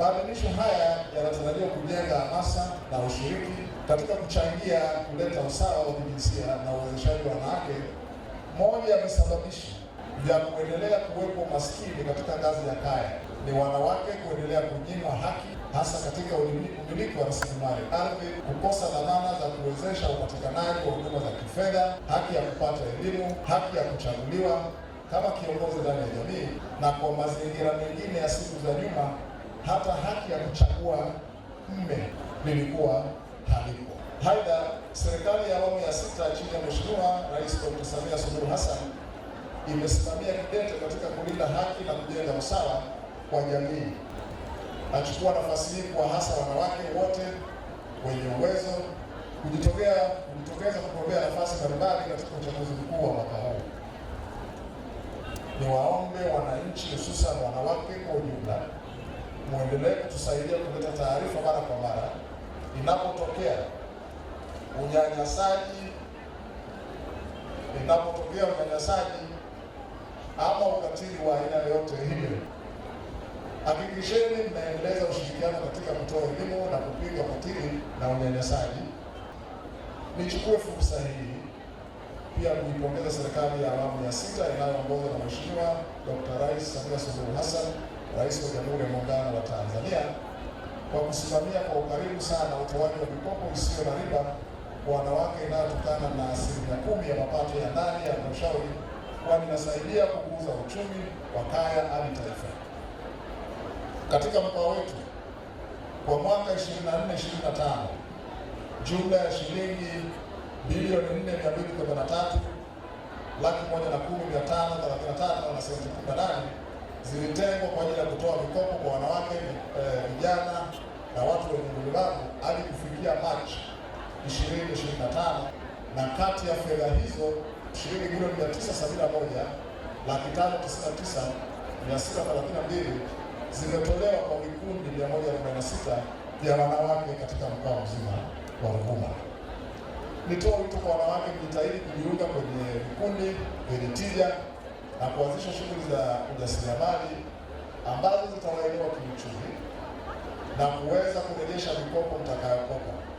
Maadhimisho haya yanatarajiwa kujenga hamasa na ushiriki katika kuchangia kuleta usawa wa kijinsia na uwezeshaji wa wanawake, moja ya visababishi vya kuendelea kuwepo maskini katika ngazi ya kaya ni wanawake kuendelea kunyimwa haki, hasa katika umiliki wa rasilimali ardhi, kukosa dhamana za kuwezesha upatikanaji wa huduma za kifedha, haki ya kupata elimu, haki ya kuchaguliwa kama kiongozi ndani ya jamii, na kwa mazingira mengine ya siku za nyuma hata haki ya kuchagua mme lilikuwa halipo. Aidha, serikali ya awamu ya sita chini ya Mheshimiwa Rais Dr. Samia Suluhu Hassan imesimamia kidete katika kulinda haki na kujenga usawa kwa jamii. Nachukua nafasi hii kwa hasa wanawake wote wenye uwezo kujitokea kujitokeza kugombea nafasi mbalimbali katika uchaguzi mkuu wa mwaka huu. Niwaombe wananchi, hususan wanawake kwa ujumla muendelee kutusaidia kuleta taarifa mara kwa mara inapotokea unyanyasaji, inapotokea unyanyasaji ama ukatili wa aina yoyote hiyo. Hakikisheni mnaendeleza ushirikiano katika kutoa elimu na kupinga ukatili na unyanyasaji. Nichukue fursa hii pia kuipongeza serikali ya awamu ya sita inayoongozwa na Mheshimiwa Dr. Rais Samia Suluhu Hassan Rais wa Jamhuri ya Muungano wa Tanzania kwa kusimamia kwa ukaribu sana utoaji wa mikopo isiyo na riba kwa wanawake inayotokana na asilimia kumi ya mapato ya ndani ya halmashauri, kwani inasaidia kukuza uchumi wa kaya hadi taifa. Katika mkoa wetu kwa mwaka 24/25 jumla ya shilingi bilioni 4,283 laki moja na kumi mia tano thelathini na tatu na senti kumi na nane zilitengwa kwa ajili ya kutoa mikopo kwa wanawake, eh, vijana e, na watu wenye ulemavu hadi kufikia Machi 2025 na kati ya fedha hizo shilingi milioni 971 laki tano tisini na tisa mia sita thelathini na mbili zimetolewa kwa vikundi 146 vya wanawake katika mkoa mzima wa Ruvuma. Nitoa wito kwa wanawake kujitahidi kujiunga kwenye vikundi vyenye tija na kuanzisha shughuli za ujasiriamali ambazo zitawaelewa kiuchumi na kuweza kurejesha mikopo mtakayokopa.